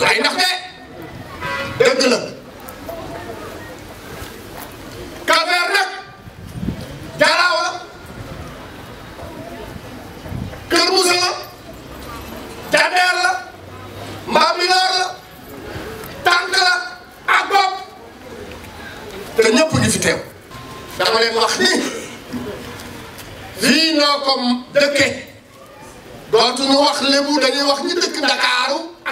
ay ndax de dëgg la Cap-Vert nag jaraaw la Kër Moussa la Jandeer ñëpp ñu fi teew dama leen wax ni lii noo ko dëkke dootuñu wax lébu dañuy wax ñi dëkk Ndakaaru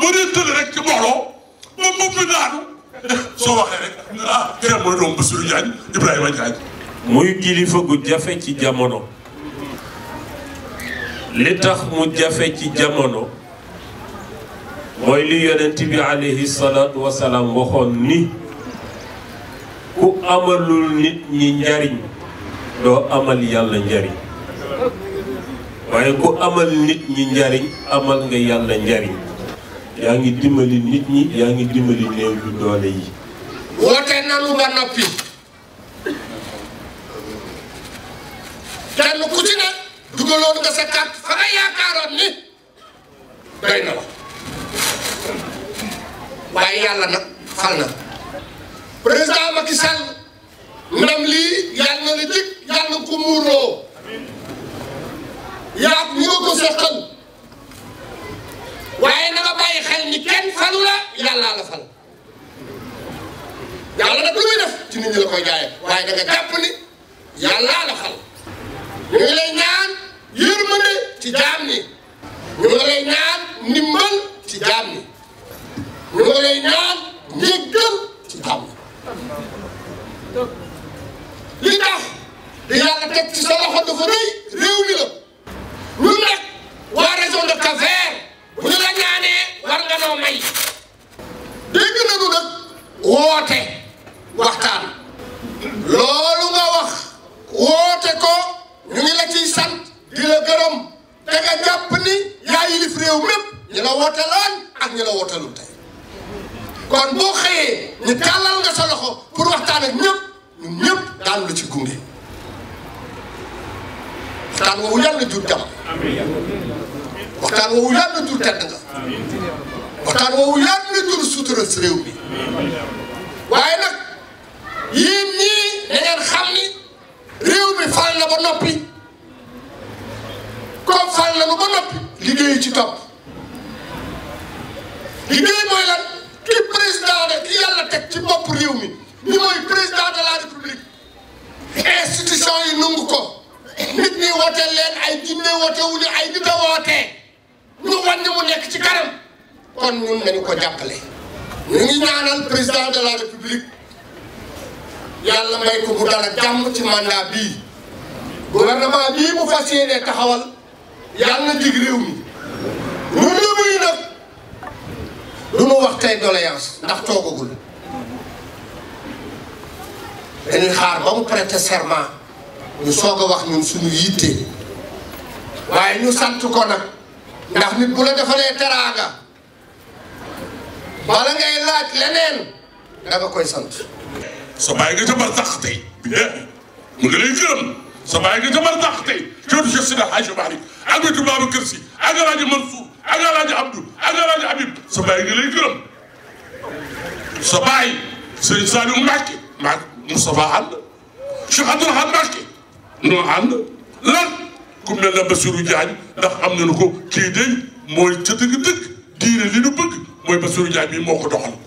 moo dee tëdd rek ci ah, muy kilifa gu jafe ci jamono li tax mu jafe ci jamono mooy li yonent bi alayhi salaatu wasalaam waxoon ni ku amalul nit ñi njariñ doo amal yàlla njariñ waaye ku amal nit ñi njariñ amal nga yàlla njariñ yaa ngi dimbali nit ñi yaa ngi dimbali néew ju doole yi woote nanu ba noppi kenn ku ci ne dugaloon nga sa kàtt fa nga yaakaaroon ni doy na la waaye yàlla nag fal na président Macky Sall ndam lii yàlla na la yàlla ko muurloo yaa ñu nga ko seqal yàllaa la fal yàlla da li tax di yàlla teg ci sa loxo dafa rëy réew mi la ñun nag bu la ñaanee war nga wotelaan ak ñu la wotalul tey kon boo xëyee ñu tàllal nga sa loxo pour waxtaan ak ñëpp ñun ñëpp daan la ci gunge waxtaan woowu yàlla jur jàmm waxtaan woowu yàlla jur tedd nga waxtaan woowu yàlla jur sutura si réew bi waaye nag yéen ñii da ngeen xam ni réew mi fal na ba noppi comme fal na ba noppi liggéey ci topp liggéey mooy lan ki président ki yàlla teg ci bopp réew ni mooy président de la république institution yi nangu ko nit ñi woote leen ay jinne woote wu ñu ay nit a woote ñu wàññi mu nekk ci kanam kon ñun nañu ko jàppale ñu ngi ñaanal président de la république yàlla may ko bu dala jàmm ci mandat bii gouvernement bii mu fas yéenee taxawal yàlla jig réew du nu wax tey doléance ndax toogagul dañuy xaar ba mu prêter serment ñu soog a wax ñun suñu yitte waaye ñu sant ko nag ndax nit bu la defalee teraanga bala ngay leneen da koy sant. sa bàyyi nga ca bar sa baay gi lay gërëm sa baay sëriñ Saliou Mbacke maag Moustapha ànd Cheikh Abdoul Ahad Mbacke noo ànd lan ku mel na Bassirou Diagne ndax am nañu ko kii day mooy ca dëgg-dëgg diine li nu bëgg mooy Bassirou Diagne bi moo ko doxal